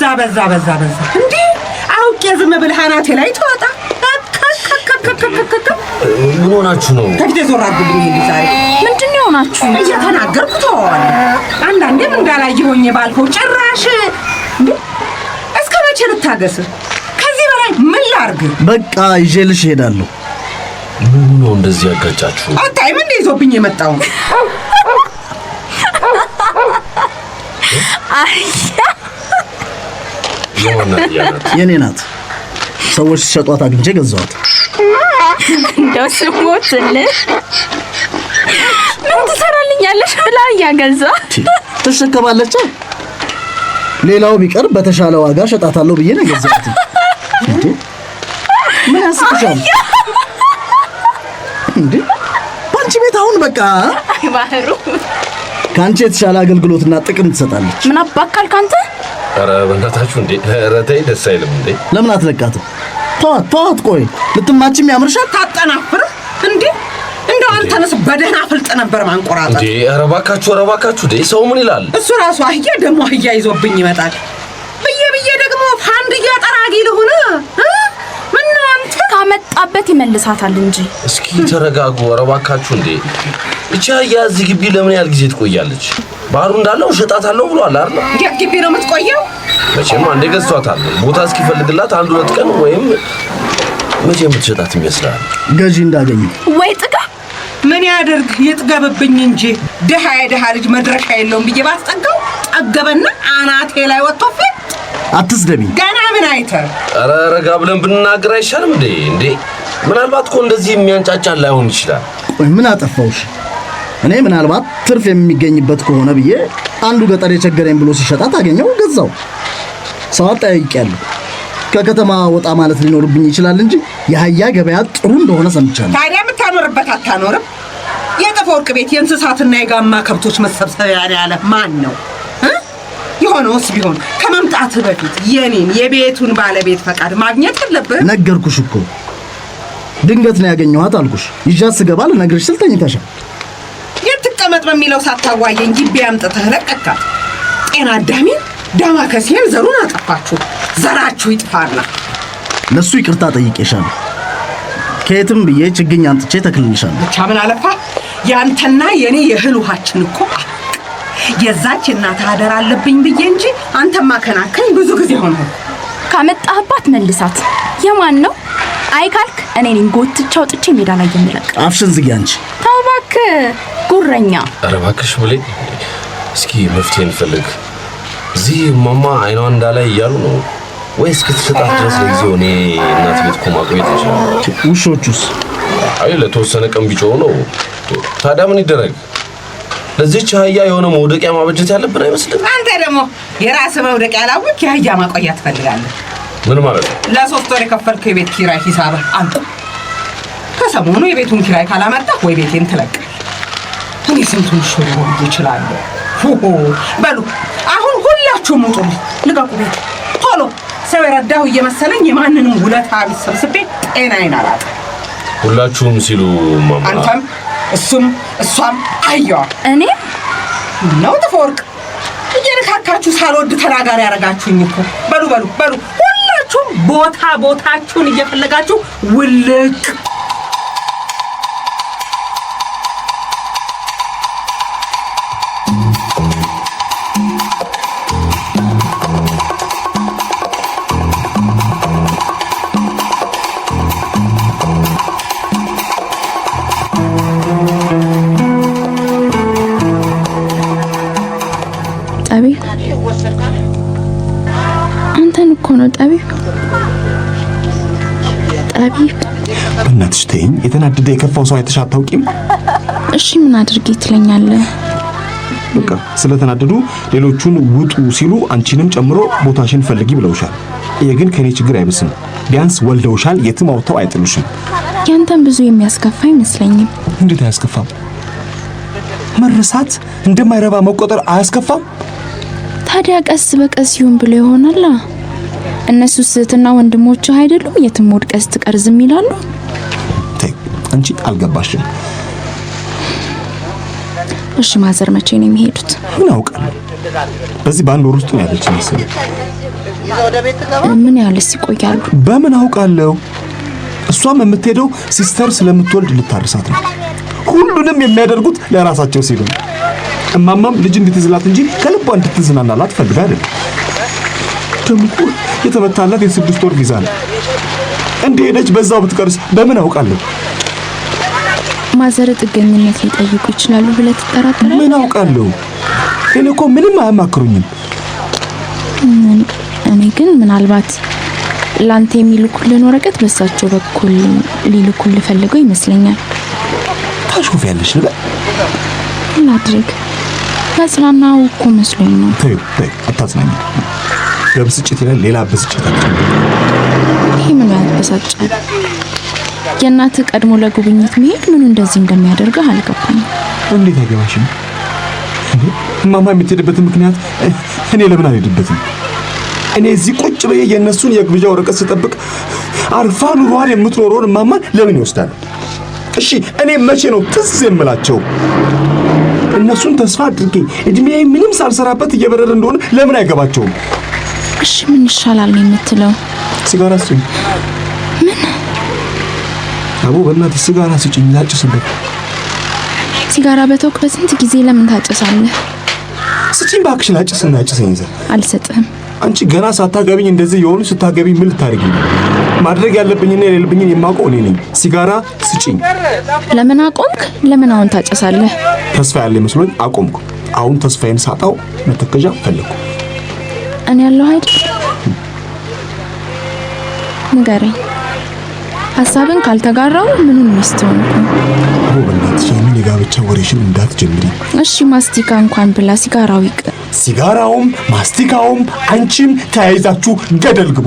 በዛ በዛ በዛ በዛ እንዴ አውቄ ዝም ብለህ አናቴ ላይ ተወጣ። ምን ሆናችሁ ነው? ከፊት ዞር አድርጉልኝ። እንዲ ዛሬ ምንድን ነው የሆናችሁ? እየተናገርኩ ተወዋለሁ። አንዳንዴም እንዳላየ ሆኜ ባልከው ጭራሽ እስከ መቼ ልታገስ? ከዚህ በላይ ምን ላርግ? በቃ ይዤልሽ እሄዳለሁ። ምን ነው እንደዚህ ያጋጫችሁ? አታይም እንደ ይዞብኝ የመጣው የኔ ናት። ሰዎች ሲሸጧት አግኝቼ ገዛዋት። እንደው ስሞትልህ ምን ትሰራልኛለሽ ብላ እያገዛ ትሸከማለች። ሌላው ቢቀር በተሻለ ዋጋ ሸጣታለሁ ብዬ ነው የገዛሁት። ምን ያስብሻል እንዴ? በአንቺ ቤት አሁን በቃ ባህሩ ከአንቺ የተሻለ አገልግሎትና ጥቅም ትሰጣለች። ምን አባካል ካንተ ኧረ በእናታችሁ እንዴ! ኧረ ተይ ደስ አይልም እንዴ! ለምን አትለቃትም? ተዋት ተዋት። ቆይ ልትማችም ያምርሻል። ታጠናፍር እንዴ! እንደው አንተንስ በደህና ፍልጥ ነበር ማንቆራጠጥ እንዴ! ኧረ እባካችሁ ኧረ እባካችሁ ሰው ምን ይላል? እሱ ራሱ አህያ ደግሞ አህያ ይዞብኝ ይመጣል። በመጣበት ይመልሳታል እንጂ። እስኪ ተረጋጉ፣ ኧረ እባካችሁ። እንዴ እቻ ያ እዚህ ግቢ ለምን ያህል ጊዜ ትቆያለች? ባህሩ እንዳለው እሸጣታለሁ ብሏል አይደል? ያ ግቢ ነው የምትቆየው? መቼም አንዴ ገዝቷታል። ቦታ እስኪፈልግላት አንድ ሁለት ቀን ወይም መቼ የምትሸጣት ይመስላል? ገዢ እንዳገኘ ወይ ጥጋ ምን ያደርግ የጥገበብኝ እንጂ ድሃ የድሃ ልጅ መድረሻ የለውም ብዬ ባስጠጋው ጠገበና አናቴ ላይ ወጥቶ አትስደቢ። ገና ምን አይተ? ኧረ ረጋ ብለን ብንናገር አይሻልም እንዴ? እንዴ ምናልባት እኮ እንደዚህ የሚያንጫጫ ላይሆን ይችላል። ቆይ ምን አጠፋውሽ? እኔ ምናልባት ትርፍ የሚገኝበት ከሆነ ብዬ አንዱ ገጠር የቸገረኝ ብሎ ሲሸጣት አገኘው፣ ገዛው። ሰው አጠያይቄያለሁ። ከከተማ ወጣ ማለት ሊኖርብኝ ይችላል እንጂ የአህያ ገበያ ጥሩ እንደሆነ ሰምቻለሁ። ታዲያ የምታኖርበት አታኖርም? የጥፍ ወርቅ ቤት የእንስሳትና የጋማ ከብቶች መሰብሰቢያ ያለ ማን ነው? የሆነውስ ቢሆን ከመምጣት በፊት የኔን የቤቱን ባለቤት ፈቃድ ማግኘት አለብህ። ነገርኩሽ እኮ ድንገት ነው ያገኘኋት አልኩሽ። ይዣት ስገባ ልነግርሽ ስል ተኝተሻል። የትቀመጥ በሚለው ሳታዋየኝ ግቢ አምጥተህ ለቀካት። ጤና አዳሚ ዳማ ከሴን ዘሩን አጠፋችሁ። ዘራችሁ ይጥፋና ለሱ ይቅርታ ጠይቄሻለሁ። ከየትም ብዬ ችግኝ አምጥቼ ተክልልሻለሁ። ብቻ ምን አለፋ ያንተና የኔ የእህል ውሃችን እኮ የዛች እናት አደራ አለብኝ ብዬ እንጂ አንተማ ከናከኝ ብዙ ጊዜ ሆነ። ካመጣህባት መልሳት። የማን ነው አይ ካልክ እኔ ነኝ ጎትቻ አውጥቼ ሜዳ ላይ የምለቅ። አፍሽን ዝጊ አንቺ። ተው እባክህ ጉረኛ። ኧረ እባክሽ ብሌ፣ እስኪ መፍትሄ እንፈልግ። እዚህ ማማ አይኗን እንዳላይ እያሉ ነው ወይ እስክትሰጣት ድረስ ለጊዜ እኔ እናት ቤት እኮ ማቆየት ይችላል። ውሾቹስ? አይ ለተወሰነ ቀን ቢጮው ነው። ታዲያ ምን ይደረግ? ለዚህች አህያ የሆነ መውደቂያ ማበጀት ያለብን አይመስልም? አንተ ደግሞ የራስ መውደቂያ ያላወቅ የአህያ ማቆያ ትፈልጋለህ? ምን ማለት ነው? ለሶስት ወር የከፈልከው የቤት ኪራይ ሂሳብ አንተ ከሰሞኑ የቤቱን ኪራይ ካላመጣ ወይ ቤቴን ትለቃል። እኔ ስንቱን ሹሩ ሁሁ በሉ አሁን ሁላችሁም ውጡልኝ፣ ልቀቁ ቤት ቶሎ። ሰው የረዳሁ እየመሰለኝ የማንንም ውለታ ቢሰብስቤ ጤናዬን አላጣ። ሁላችሁም ሲሉ አንተም እሱም እሷም አየዋ። እኔ ነው ተፈወርቅ እየነካካችሁ ሳልወድ ተናጋሪ ያደረጋችሁኝ እኮ። በሉ በሉ በሉ ሁላችሁም ቦታ ቦታችሁን እየፈለጋችሁ ውልቅ አትይኝ። የተናደደ የከፋው ሰው አይተሽ አታውቂም? እሺ ምን አድርጌ ትለኛለህ? በቃ ስለተናደዱ ሌሎቹን ውጡ ሲሉ አንቺንም ጨምሮ ቦታሽን ፈልጊ ብለውሻል። ይሄ ግን ከኔ ችግር አይብስም። ቢያንስ ወልደውሻል፣ የትም አውጥተው አይጥሉሽም። ያንተን ብዙ የሚያስከፋ አይመስለኝም። እንዴት አያስከፋም? መረሳት እንደማይረባ መቆጠር አያስከፋም? ታዲያ ቀስ በቀስ ይሁን ብሎ ይሆናላ። እነሱ ስህትና ወንድሞችህ አይደሉም? የትም ወድቀህ ስትቀር ይላሉ። አንቺ አልገባሽም። እሺ ማዘር መቼ ነው የሚሄዱት? ምን አውቃለሁ። በዚህ በአንድ ወር ውስጥ ነው ያለች መሰለኝ። ምን ያህልስ ይቆያሉ? በምን አውቃለሁ። እሷም የምትሄደው ሲስተር ስለምትወልድ ልታርሳት ነው። ሁሉንም የሚያደርጉት ለራሳቸው ሲሉ ነው። እማማም ልጅ እንድትዝላት እንጂ ከልቧ እንድትዝናናላት ፈልጋ አይደለም። ደምቁ የተመታላት የስድስት ወር ቪዛ ነው። እንደሄደች በዛው ብትቀርስ በምን አውቃለሁ። ማዘር ጥገኝነት ሊጠይቁ ይችላሉ ብለህ ትጠራጠራለህ? ምን አውቃለሁ? እኔ እኮ ምንም አያማክሩኝም። እኔ ግን ምናልባት ላንተ የሚልኩልን ወረቀት በሳቸው በኩል ሊልኩል ፈልገው ይመስለኛል። ታሾፍ ያለሽ ልበል ላድርግ ያጽናናው እኮ መስሎኝ ነው። ተይው ተይው፣ አታጽናኝ። በብስጭት ይላል ሌላ ብስጭት። ይሄ ምን ያበሳጫል? የእናት ቀድሞ ለጉብኝት መሄድ ምኑ እንደዚህ እንደሚያደርግህ አልገባኝ። እንዴት አይገባሽም? እማማ የምትሄድበትን ምክንያት እኔ ለምን አልሄድበትም? እኔ እዚህ ቁጭ ብዬ የእነሱን የግብዣ ወረቀት ስጠብቅ አርፋ ኑሯን የምትኖረውን እማማ ለምን ይወስዳል? እሺ እኔ መቼ ነው ትዝ የምላቸው? እነሱን ተስፋ አድርጌ እድሜ ምንም ሳልሰራበት እየበረረ እንደሆነ ለምን አይገባቸውም? እሺ ምን ይሻላል ነው የምትለው? ሲጋራ ምን አቦ በእናት ሲጋራ ስጭኝ ላጭስበት። ሲጋራ በተውክ በስንት ጊዜ ለምን ታጨሳለህ? ስጭኝ እባክሽን፣ አጭስና አጭሰኝ ዘ አልሰጥህም። አንቺ ገና ሳታገቢኝ እንደዚህ የሆኑ ስታገቢኝ ምን ልታደርጊ? ማድረግ ያለብኝና የሌለብኝን የማውቀው እኔ ነኝ። ሲጋራ ስጭኝ። ለምን አቆምክ? ለምን አሁን ታጨሳለህ? ተስፋ ያለ መስሎኝ አቆምኩ። አሁን ተስፋዬን ሳጣው መተከዣ ፈለግኩ። እኔ ያለው አይደል ንገረኝ። ሀሳብን ካልተጋራው ምኑን ሚስት ሆንኩ? በእናትሽ የምን የጋብቻ ወሬሽን እንዳትጀምሪ እሺ። ማስቲካ እንኳን ብላ ሲጋራው ይቅር። ሲጋራውም ማስቲካውም አንቺም ተያይዛችሁ ገደል ግቡ።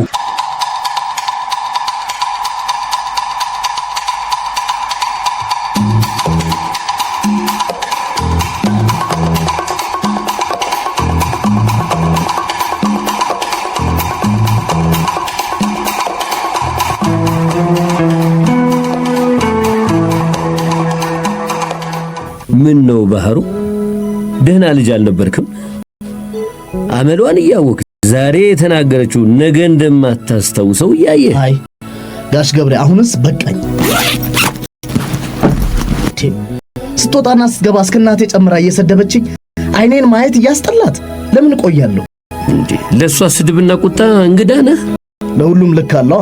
ምን ነው ባህሩ፣ ደህና ልጅ አልነበርክም? አመሏን እያወቅ ዛሬ የተናገረችው ነገ እንደማታስታውሰው እያየ። አይ ጋሽ ገብሬ አሁንስ በቃኝ። ስትወጣና ስትገባ እስክናቴ ጨምራ እየሰደበችኝ አይኔን ማየት እያስጠላት ለምን ቆያለሁ እንዴ? ለእሷ ስድብና ቁጣ እንግዳ ነህ። ለሁሉም ልክ አለዋ።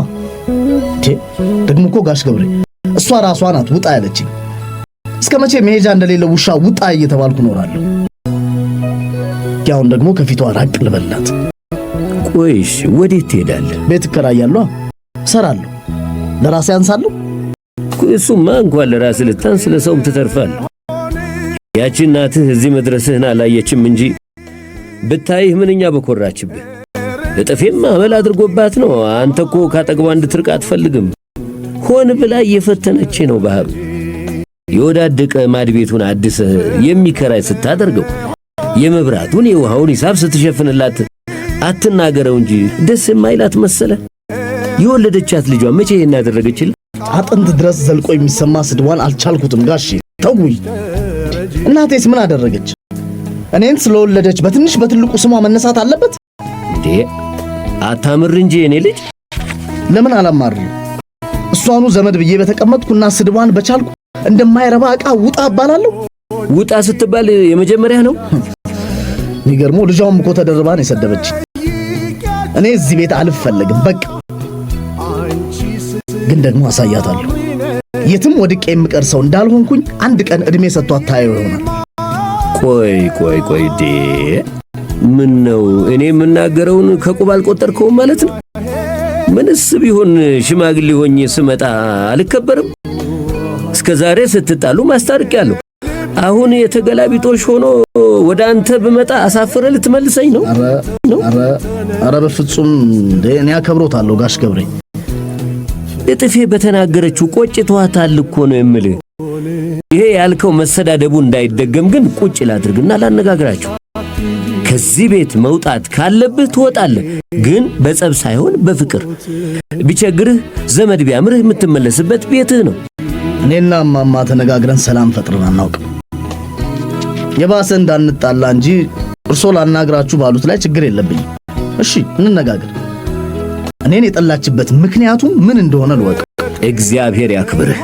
ደግሞ እኮ ጋሽ ገብሬ እሷ ራሷ ናት ውጣ ያለችኝ። እስከ መቼ መሄጃ እንደሌለ ውሻ ውጣ እየተባልኩ እኖራለሁ? ያሁን ደግሞ ከፊቷ ራቅ ልበላት። ቆይሽ ወዴት ትሄዳለህ? ቤት እከራያለሁ፣ እሰራለሁ፣ ለራሴ አንሳለሁ። እሱማ እንኳን ለራስ ልታንስ ለሰውም ትተርፋለህ። ያቺ እናትህ እዚህ መድረስህን አላየችም እንጂ ብታይህ ምንኛ በኮራችብህ። እጥፌም አመል አድርጎባት ነው። አንተ እኮ ካጠገቧ እንድትርቅ አትፈልግም። ሆን ብላ እየፈተነች ነው በሀብ የወዳደቀ ማድቤቱን አድሰህ የሚከራይ ስታደርገው የመብራቱን የውሃውን ሂሳብ ስትሸፍንላት አትናገረው እንጂ ደስ የማይላት መሰለ። የወለደቻት ልጇ መቼ ይሄን ያደረገችል? አጥንት ድረስ ዘልቆ የሚሰማ ስድቧን አልቻልኩትም ጋሼ ተውይ። እናቴስ ምን አደረገች? እኔን ስለወለደች በትንሽ በትልቁ ስሟ መነሳት አለበት እንዴ? አታምር እንጂ እኔ ልጅ ለምን አላማር? እሷኑ ዘመድ ብዬ በተቀመጥኩና ስድቧን በቻልኩ እንደማይረባ እቃ ውጣ እባላለሁ። ውጣ ስትባል የመጀመሪያ ነው። የሚገርመው ልጇም እኮ ተደርባን የሰደበች። እኔ እዚህ ቤት አልፈለግም። በቃ ግን ደግሞ አሳያታለሁ። የትም ወድቄ የምቀር ሰው እንዳልሆንኩኝ አንድ ቀን እድሜ ሰጥቶ ታየው ይሆናል። ቆይ ቆይ ቆይ ዴ ምን ነው እኔ የምናገረውን ከቁብ አልቆጠርከውም ማለት ነው? ምንስ ቢሆን ሽማግሌ ሆኜ ስመጣ አልከበርም? እስከ ዛሬ ስትጣሉ ማስታርቂያለሁ። አሁን የተገላቢጦሽ ሆኖ ወደ አንተ ብመጣ አሳፍረ ልትመልሰኝ ነው? አረ በፍጹም እኔ አከብሮታለሁ ጋሽ ገብሬ። እጥፌ በተናገረችው ቆጭቷታል እኮ ነው የምልህ። ይሄ ያልከው መሰዳደቡ እንዳይደገም ግን ቁጭ ላድርግና ላነጋግራችሁ። ከዚህ ቤት መውጣት ካለብህ ትወጣለህ፣ ግን በጸብ ሳይሆን በፍቅር ቢቸግርህ ዘመድ ቢያምርህ የምትመለስበት ቤትህ ነው። እኔና እማማ ተነጋግረን ሰላም ፈጥረን አናውቅም። የባሰ እንዳንጣላ እንጂ እርሶ ላናግራችሁ ባሉት ላይ ችግር የለብኝም። እሺ እንነጋገር። እኔን የጠላችበት ምክንያቱም ምን እንደሆነ ልወቅ። እግዚአብሔር ያክብርህ።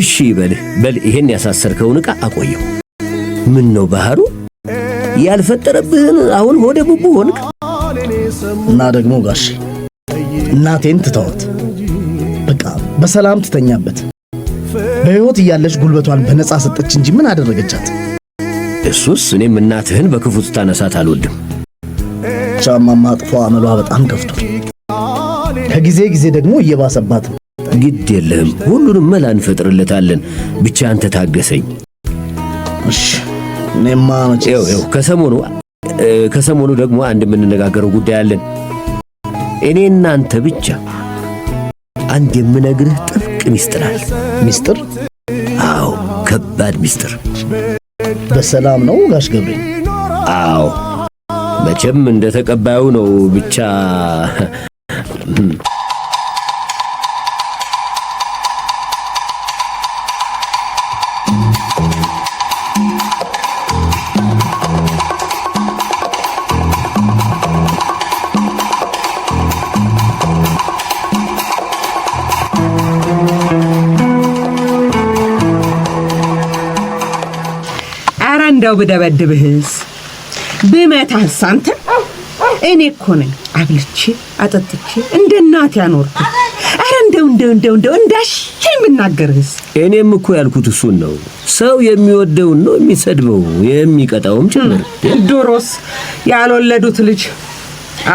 እሺ በልህ በል። ይሄን ያሳሰርከውን ዕቃ አቆየው። ምን ነው ባህሩ ያልፈጠረብህን አሁን ሆደ ቡቡ ሆንክ። እና ደግሞ ጋሽ እናቴን ትተዋት በቃ በሰላም ትተኛበት በሕይወት እያለች ጉልበቷን በነፃ ሰጠች እንጂ ምን አደረገቻት? እሱስ እኔም እናትህን በክፉ ስታነሳት አልወድም። ጫማማ አጥፎ አመሏ በጣም ከፍቶ ከጊዜ ጊዜ ደግሞ እየባሰባት ነው። ግድ የለህም፣ ሁሉንም መላ እንፈጥርለታለን። ብቻ አንተ ታገሰኝ። እሺ እኔማ መቼስ ከሰሞኑ ከሰሞኑ ደግሞ አንድ የምንነጋገረው ጉዳይ አለን። እኔ እናንተ ብቻ አንድ የምነግርህ ትልቅ ሚስጥር አለ። ሚስጥር? አዎ፣ ከባድ ሚስጥር። በሰላም ነው ጋሽ ገብሬ? አዎ፣ መቼም እንደ ተቀባዩ ነው ብቻ እንደው ብደበድብህስ ብመታህስ? አንተ እኔ እኮ ነኝ አብልቼ አጠጥቼ እንደ እናት ያኖርኩ። አረ እንደው እንደው እንደው እንደው እንዳሽ ብናገርህስ? እኔም እኮ ያልኩት እሱን ነው። ሰው የሚወደውን ነው የሚሰድበው የሚቀጣውም ጭምር። ድሮስ ያልወለዱት ልጅ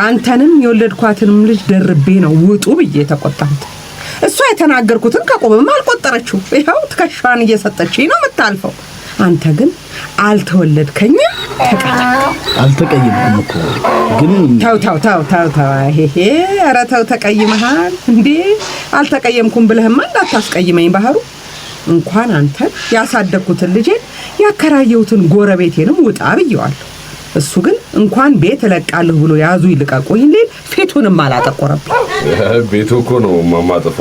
አንተንም የወለድኳትንም ልጅ ደርቤ ነው ውጡ ብዬ ተቆጣሁት። እሷ የተናገርኩትን ከቆመም አልቆጠረችው። ይኸው ትከሻዋን እየሰጠችኝ ነው የምታልፈው። አንተ ግን አልተወለድከኝ። ተቀጣ አልተቀየምኩም እኮ ግን ተው ተው ተው ተው ተው። ይሄ ኧረ ተው፣ ተቀይመሃል እንዴ? አልተቀየምኩም ብለህማ እንዳታስቀይመኝ ባህሩ። እንኳን አንተን ያሳደግኩትን ልጄን ያከራየሁትን ጎረቤቴንም ውጣ ብየዋለሁ። እሱ ግን እንኳን ቤት እለቃለሁ ብሎ ያዙ ይልቀቁኝ ሌል ፊቱንም አላጠቆረብኝ። ቤቱ እኮ ነው ማማጥፏ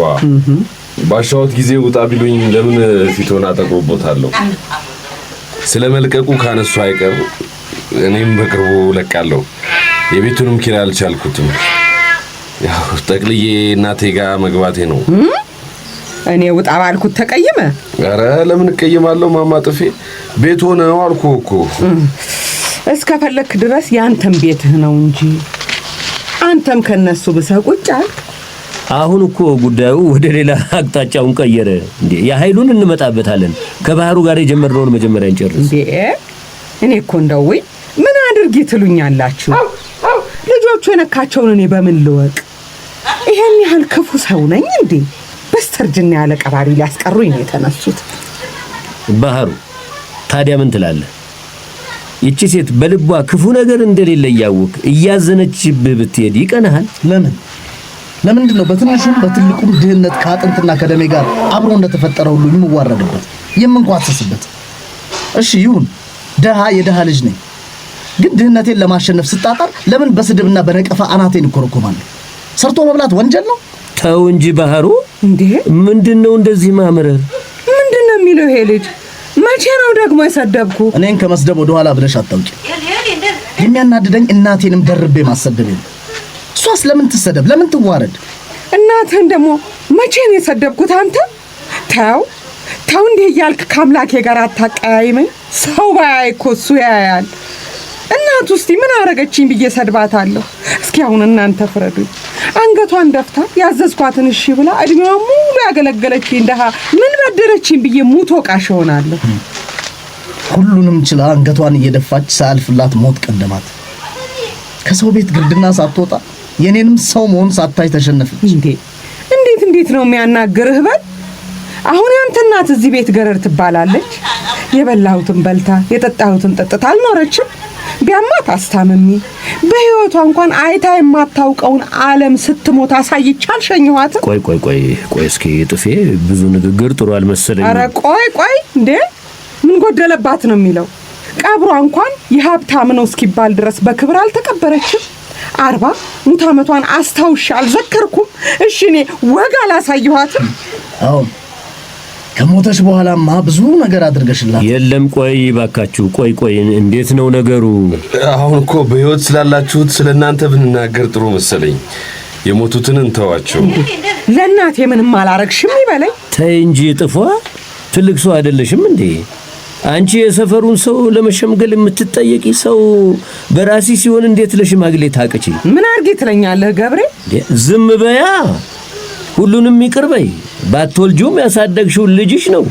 ባሻሁት ጊዜ ውጣ ቢሉኝ ለምን ፊቱን አጠቆርቦታለሁ? ስለ መልቀቁ ካነሱ አይቀር እኔም በቅርቡ ለቃለሁ። የቤቱንም ኪራ አልቻልኩትም። ያው ጠቅልዬ እናቴ ጋር መግባቴ ነው። እኔ ውጣ ባልኩት ተቀይመ? ኧረ ለምን እቀይማለሁ ማማ ጥፌ፣ ቤት ሆነው አልኩ እኮ እስከፈለክ ድረስ ያንተም ቤትህ ነው እንጂ አንተም ከነሱ ብሰ ቁጭ አልክ። አሁን እኮ ጉዳዩ ወደ ሌላ አቅጣጫውን ቀየረ እንዴ! የኃይሉን እንመጣበታለን። ከባህሩ ጋር የጀመርነውን መጀመሪያ እንጨርስ እንዴ! እኔ እኮ እንደው ምን አድርጊ ትሉኛላችሁ? ልጆቹ የነካቸውን እኔ በምን ልወቅ? ይሄን ያህል ክፉ ሰው ነኝ እንዴ? በስተርጅና ያለ ቀባሪ ሊያስቀሩኝ ነው የተነሱት። ባህሩ ታዲያ ምን ትላለህ? ይቺ ሴት በልቧ ክፉ ነገር እንደሌለ እያወቅ እያዘነችብህ ብትሄድ ይቀናሃል? ለምን ለምንድን ነው በትንሹም በትልቁም ድህነት ከአጥንትና ከደሜ ጋር አብሮ እንደተፈጠረ ሁሉ የምዋረድበት የምንኳሰስበት? እሺ ይሁን፣ ደሃ የደሃ ልጅ ነኝ። ግን ድህነቴን ለማሸነፍ ስጣጣር ለምን በስድብና በነቀፋ አናቴን እኮረኮማለሁ? ሰርቶ መብላት ወንጀል ነው? ተው እንጂ ባህሩ፣ እንዴ ምንድን ነው እንደዚህ ማምረር? ምንድን ነው የሚለው ይሄ ልጅ? መቼ ነው ደግሞ የሰደብኩ? እኔን ከመስደብ ወደኋላ ብለሽ አታውቂ። የሚያናድደኝ እናቴንም ደርቤ ማሰደቤ ነው። እሷስ ለምን ትሰደብ? ለምን ትዋረድ? እናትህን ደግሞ መቼ ነው የሰደብኩት? አንተ ተው ተው፣ እንዲህ እያልክ ከአምላኬ ጋር አታቀያይመኝ። ሰው ባያይ እኮ እሱ ያያል። እናቱ እስቲ ምን አረገችኝ ብዬ ሰድባታለሁ? እስኪ አሁን እናንተ ፍረዱኝ። አንገቷን ደፍታ ያዘዝኳትን እሺ ብላ እድሜዋ ሙሉ ያገለገለችኝ ድሃ ምን በደረችኝ ብዬ ሙቶ ቃሽ እሆናለሁ። ሁሉንም ችላ አንገቷን እየደፋች ሳያልፍላት ሞት ቀደማት። ከሰው ቤት ግርድና ሳትወጣ የኔንም ሰው መሆን ሳታይ ተሸነፈች። እንዴ እንዴት እንዴት ነው የሚያናግርህ? በል አሁን ያንተ እናት እዚህ ቤት ገረድ ትባላለች። የበላሁትን በልታ የጠጣሁትን ጠጥታ አልኖረችም። ቢያማ ታስታምሚ በህይወቷ እንኳን አይታ የማታውቀውን ዓለም ስትሞት አሳይቼ አልሸኘኋትም። ቆይ ቆይ ቆይ ቆይ እስኪ ጥፌ ብዙ ንግግር ጥሩ አልመሰለኝም። ኧረ ቆይ ቆይ እንዴ ምን ጎደለባት ነው የሚለው? ቀብሯ እንኳን የሀብታም ነው እስኪባል ድረስ በክብር አልተቀበረችም። አርባ ሙት ዓመቷን አስታውሽ አልዘከርኩም። እሺ እኔ ወግ አላሳየኋትም። አዎ ከሞተች በኋላማ ብዙ ነገር አድርገሽላት። የለም ቆይ ባካችሁ፣ ቆይ ቆይ፣ እንዴት ነው ነገሩ? አሁን እኮ በሕይወት ስላላችሁት ስለ እናንተ ብንናገር ጥሩ መሰለኝ። የሞቱትን እንተዋቸው። ለእናቴ ምንም አላረግሽም ይበለኝ። ተይ እንጂ ጥፏ፣ ትልቅ ሰው አይደለሽም እንዴ? አንቺ የሰፈሩን ሰው ለመሸምገል የምትጠየቂ ሰው በራሲ ሲሆን እንዴት ለሽማግሌ ታቅቺ? ምን አርጌ ትለኛለህ ገብሬ? ዝም በያ፣ ሁሉንም ይቅር በይ። ባትወልጂውም ያሳደግሽውን ልጅሽ ነው፣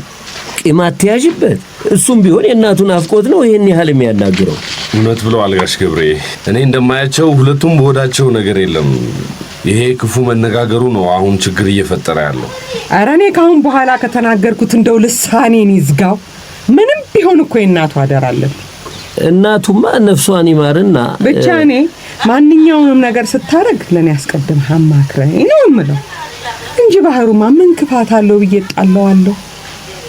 ቂም አትያዥበት። እሱም ቢሆን የእናቱን አፍቆት ነው ይህን ያህል የሚያናግረው። እውነት ብለው አልጋሽ ገብሬ፣ እኔ እንደማያቸው ሁለቱም በሆዳቸው ነገር የለም። ይሄ ክፉ መነጋገሩ ነው አሁን ችግር እየፈጠረ ያለው። ኧረ እኔ ከአሁን በኋላ ከተናገርኩት እንደው ልሳኔን ይዝጋው። ቢሆን እኮ የእናቱ አደራ አለብኝ። እናቱማ ነፍሷን ይማርና ብቻ እኔ ማንኛውንም ነገር ስታደርግ ለእኔ አስቀድመህ አማክረኝ ነው የምለው እንጂ ባህሩማ ምን ክፋት አለው ብዬ ጣለዋለሁ።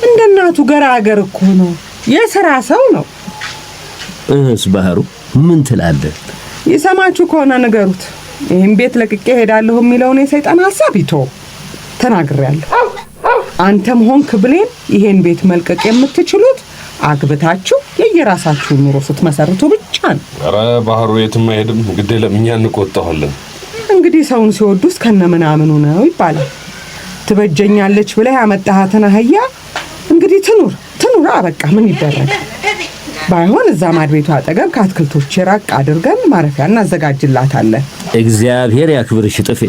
እንደ እናቱ ገራገር እኮ ነው፣ የሥራ ሰው ነው። እህስ ባህሩ ምን ትላለህ? የሰማችሁ ከሆነ ንገሩት። ይህም ቤት ለቅቄ ሄዳለሁ የሚለውን የሰይጣን ሀሳብ ይቶ ተናግሬያለሁ። አንተም ሆንክ ብሌን ይሄን ቤት መልቀቅ የምትችሉት አግብታችሁ የየራሳችሁ ኑሮ ስትመሰርቱ ብቻ ነው። ኧረ ባህሩ የትም አይሄድም። ግድ የለም እኛ እንቆጣዋለን። እንግዲህ ሰውን ሲወዱ ውስጥ ከነ ምናምኑ ነው ይባላል። ትበጀኛለች ብለህ ያመጣሃትን አህያ እንግዲህ ትኑር ትኑር፣ አበቃ ምን ይደረግ። ባይሆን እዛ ማድቤቱ አጠገብ ከአትክልቶች ራቅ አድርገን ማረፊያ እናዘጋጅላታለን። እግዚአብሔር ያክብርሽ ጥፌ።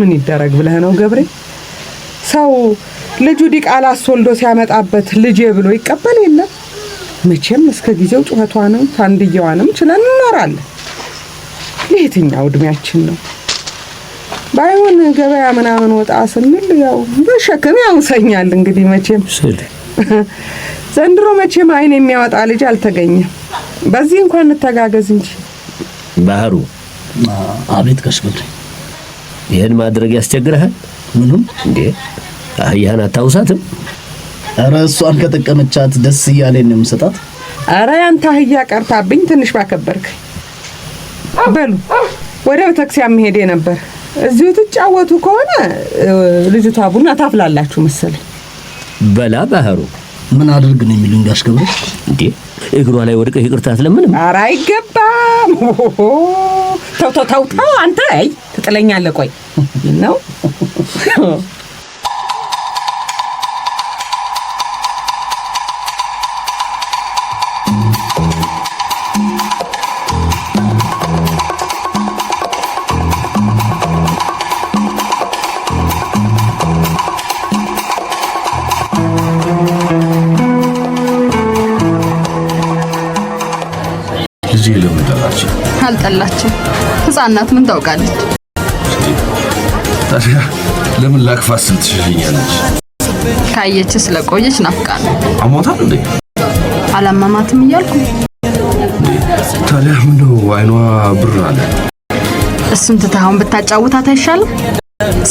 ምን ይደረግ ብለህ ነው ገብሬ? ሰው ልጁ ዲቃላ አስወልዶ ሲያመጣበት ልጄ ብሎ ይቀበል የለም። መቼም እስከ ጊዜው ጩኸቷንም ታንድየዋንም ችለን እንኖራለን። ለየትኛው እድሜያችን ነው? ባይሆን ገበያ ምናምን ወጣ ስንል ያው በሸክም ያውሰኛል። እንግዲህ መቼም ዘንድሮ መቼም አይን የሚያወጣ ልጅ አልተገኘም። በዚህ እንኳን እንተጋገዝ እንጂ ባህሩ። አቤት ከሽብር፣ ይህን ማድረግ ያስቸግረሃል። ምኑም እንዴ አህያን አታውሳትም? ኧረ እሷን ከጠቀመቻት ደስ እያለኝ ነው የምሰጣት። ኧረ ያንተ አህያ ቀርታብኝ ትንሽ ባከበርክ። በሉ ወደ ቤተክርስቲያን መሄዴ ነበር። እዚሁ ትጫወቱ ከሆነ ልጅቷ ቡና ታፍላላችሁ መሰለኝ። በላ ባህሩ ምን አድርግ ነው የሚሉኝ ጋሽ ገብረ? እንዴ እግሯ ላይ ወድቀህ ይቅርታ አትለምንም? ኧረ አይገባም። ተው ተው ተው አንተ አይ ትጥለኛለህ። ቆይ ነው አልጠላችም። ህፃናት ምን ታውቃለች? ታዲያ ለምን ላክፋ ስል ትሸሸኛለች? ካየች ስለቆየች ናፍቃ አሟታል እንዴ? አላማማትም እያልኩ ታዲያ ምን ነው አይኗ ብር አለ። እሱን ትተሃውን ብታጫውታት አይሻልም?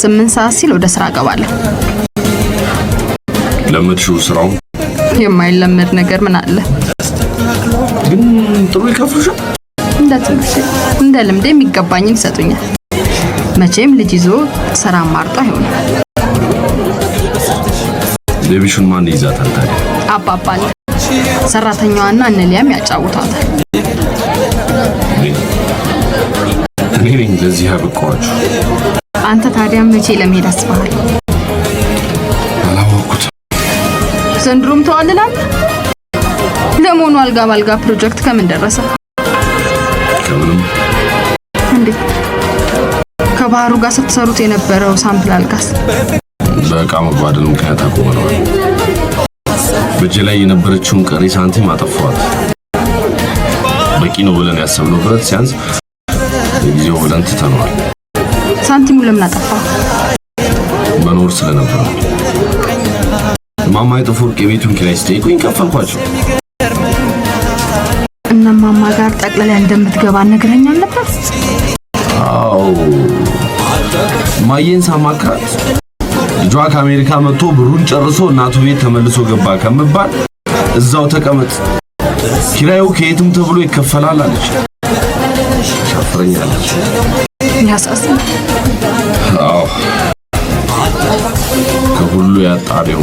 ስምንት ሰዓት ሲል ወደ ስራ እገባለሁ። ለምትሽው ስራው የማይለመድ ነገር ምን አለ? ግን ጥሩ ይከፍሉሻል። እንደ ትምህርት እንደ ልምድ የሚገባኝን ይሰጡኛል። መቼም ልጅ ይዞ ስራ ማርጦ አይሆንም። ሌቢሹን ማን ይዛታል ታዲያ? አባባል ሰራተኛዋና እነ ሊያም ያጫውታታል። እኔ ነኝ ለዚህ ያበቃኋችሁ። አንተ ታዲያ መቼ ለመሄድ አስበሃል? አላወኩትም። ዘንድሮም ተዋልላል። ለመሆኑ አልጋ ባልጋ ፕሮጀክት ከምን ደረሰ? ከምንም። እንዴት ከባህሩ ጋር ስትሰሩት የነበረው ሳምፕል አልጋስ በእቃ መጓደል ምክንያት አቆመ ነው። ላይ የነበረችውን ቀሪ ሳንቲም አጠፋዋት። በቂ ነው ብለን ያሰብነው ብረት ሲያንስ ጊዜው ብለን ትተነዋል። ሳንቲሙን ለምን አጠፋ? መኖር ስለነበረ ማማ የጥፎወርቅ የቤቱን ኪራይ ስጠይቁኝ ከፈልኳቸው። እና ማማ ጋር ጠቅላላ እንደምትገባ ነገረኛ ነበር። አዎ ማየን ሳማክራት ልጇ ከአሜሪካ መጥቶ ብሩን ጨርሶ እናቱ ቤት ተመልሶ ገባ ከምባል እዛው ተቀመጥ፣ ኪራዩ ከየትም ተብሎ ይከፈላል አለች። ሻፍረኛለች። አዎ ከሁሉ ያጣሪው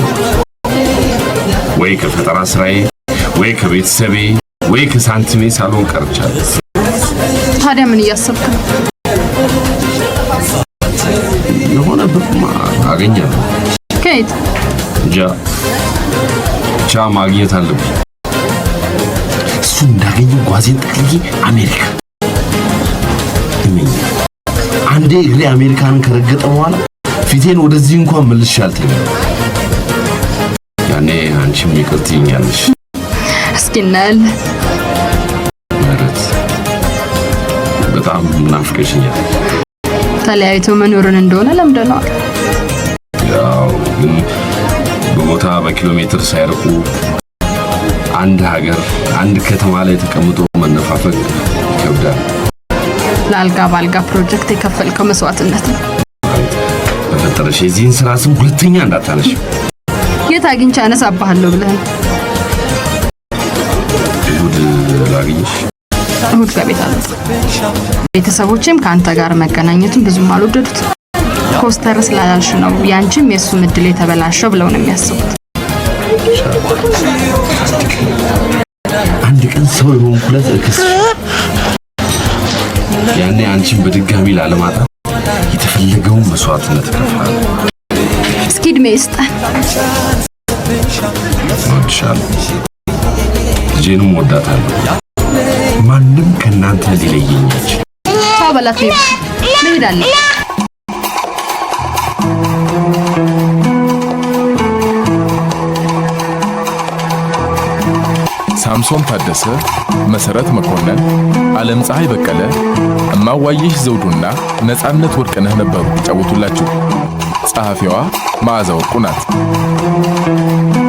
ወይ ከፈጠራ ስራዬ ወይ ከቤተሰቤ ወይ ከሳንቲሜ ሳልሆን ቀርቻለሁ። ታዲያ ምን እያሰብክ ነው? ካነበብኩ አገኛለሁ። ከየት ማግኘት አለብኝ። እሱ እንዳገኘው ጓዜን ጠቅልዬ አሜሪካ እመኛለሁ። አንዴ እግሬ አሜሪካንን ከረገጠ በኋላ ፊቴን ወደዚህ እንኳን መልሼ አልተኛም። ያኔ አንቺም ይቅር ትይኛለሽ። እስኪ እናያለን። በጣም ናፍቀሽኛል። ተለያይቶ መኖርን እንደሆነ ለምደነዋል። ግን በቦታ በኪሎ ሜትር ሳይርቁ አንድ ሀገር አንድ ከተማ ላይ ተቀምጦ መነፋፈቅ ይከብዳል። ለአልጋ በአልጋ ፕሮጀክት የከፈልከው መስዋዕትነት ነው። በፈጠረሽ የዚህን ስራ ስም ሁለተኛ እንዳታነሽ። የት አግኝቼ አነሳብሃለሁ ብለህ ነው? ላግኝሽ ከቤት አለ። ቤተሰቦችም ከአንተ ጋር መገናኘቱን ብዙም አልወደዱት። ኮስተር ስላላልሽ ነው ያንቺም የእሱም እድል የተበላሸው ብለው ነው የሚያስቡት። አንድ ቀን ሰው የሆንኩለት እክስ ያኔ አንቺን በድጋሚ ላለማጣ የተፈለገውን መስዋዕትነት ከፍላለሁ። እስኪ እድሜ ይስጠን። እወድሻለሁ፣ ልጄንም እወዳታለሁ። ማንም ከእናንተ ሊለየኛች በላት እንሄዳለን። ሳምሶን ታደሰ፣ መሰረት መኮንን፣ ዓለም ፀሐይ በቀለ፣ እማዋይሽ ዘውዱና ነፃነት ወርቅነህ ነበሩ ይጫወቱላችሁ። ጸሐፊዋ መዓዛ ወርቁ ናት።